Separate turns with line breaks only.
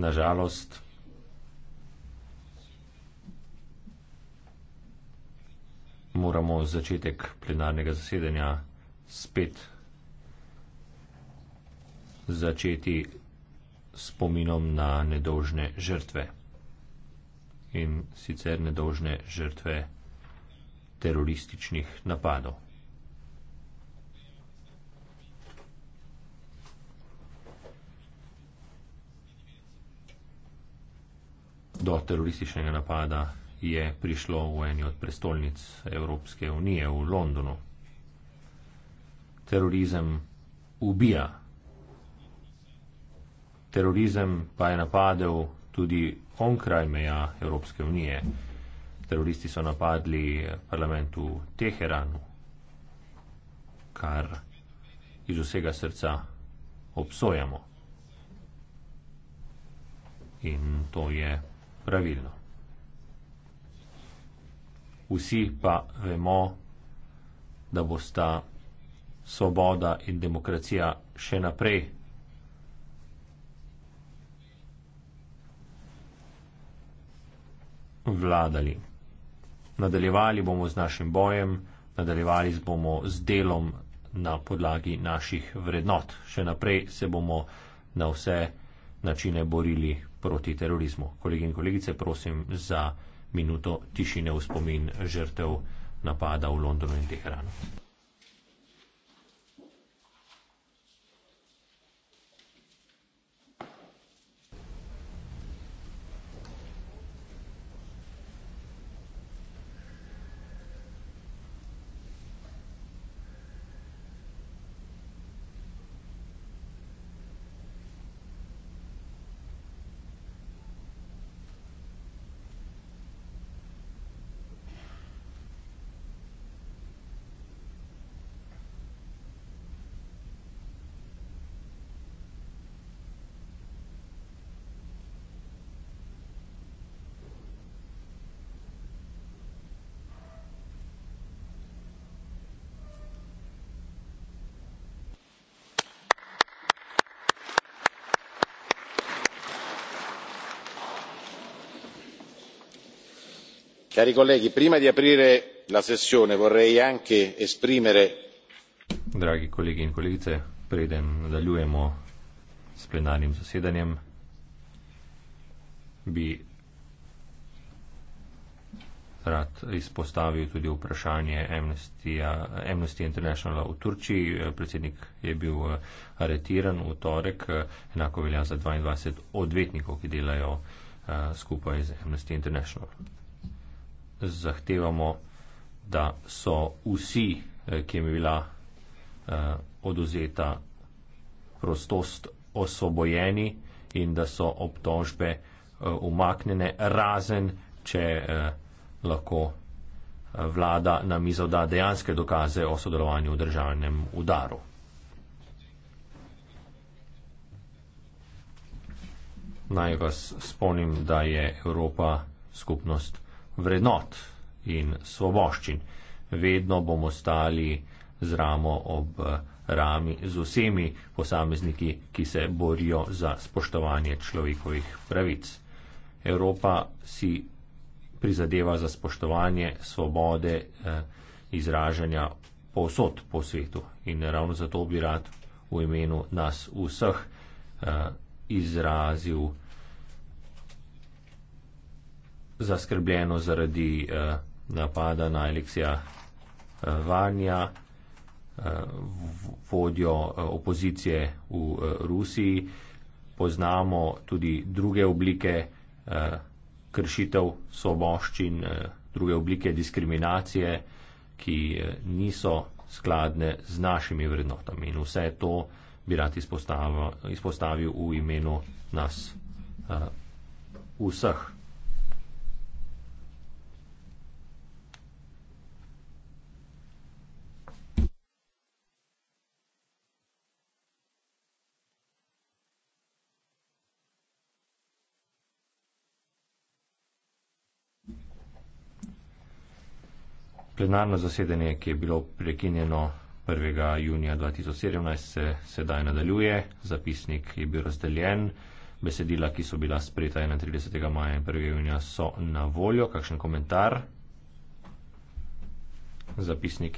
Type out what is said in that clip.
nažalost. Moramo začetek plenarnega zasedanja spet začeti spominom na nedožne žrtve in sicer nedožne žrtve terorističnih napadov. do terorističnega napada je prišlo v eni od prestolnic Evropske unije v Londonu. Terorizem ubija. Terorizem pa je napadel tudi onkraj meja Evropske unije. Teroristi so napadli parlament v Teheranu, kar iz vsega srca obsojamo. In to je pravilno. Vsi pa vemo, da bosta svoboda in demokracija še naprej vladali. Nadaljevali bomo z našim bojem, nadaljevali bomo z delom na podlagi naših vrednot. Še naprej se bomo na vse načine borili proti terorizmu. Kolegi in kolegice, prosim za minuto tišine v spomin žrtev napada v Londonu in Teheranu. cari colleghi prima di aprire la sessione vorrei anche esprimere dragi kolegi in kolegice preden nadaljujemo s plenarnim zasedanjem bi rad izpostavil tudi vprašanje Amnesty, Amnesty Internationala v Turčiji. Predsednik je bil eh, aretiran v torek, eh, enako velja za 22 odvetnikov, ki delajo eh, skupaj z Amnesty International zahtevamo, da so vsi, eh, ki jim je bila eh, oduzeta prostost, osvobojeni in da so obtožbe eh, umaknjene, razen če lahko vlada na mizo da dejanske dokaze o sodelovanju v državnem udaru. Naj vas spomnim, da je Evropa skupnost vrednot in svoboščin. Vedno bomo stali z ramo ob eh, rami z vsemi posamezniki, ki se borijo za spoštovanje človekovih pravic. Evropa si prizadeva za spoštovanje svobode eh, izražanja povsod po svetu in ravno zato bi rad v imenu nas vseh eh, izrazil zaskrbljeno zaradi eh, napada na Aleksija eh, Varnja, eh, vodjo eh, opozicije v eh, Rusiji. Poznamo tudi druge oblike eh, kršitev soboščin, eh, druge oblike diskriminacije, ki eh, niso skladne z našimi vrednotami. In vse to bi rad izpostavil, izpostavil v imenu nas eh, vseh. Plenarno zasedanje, ki je bilo prekinjeno 1. junija 2017, se sedaj nadaljuje. Zapisnik je bil razdeljen. Besedila, ki so bila sprejeta 31. maja in 1. junija, so na voljo. Kakšen komentar? Zapisnik je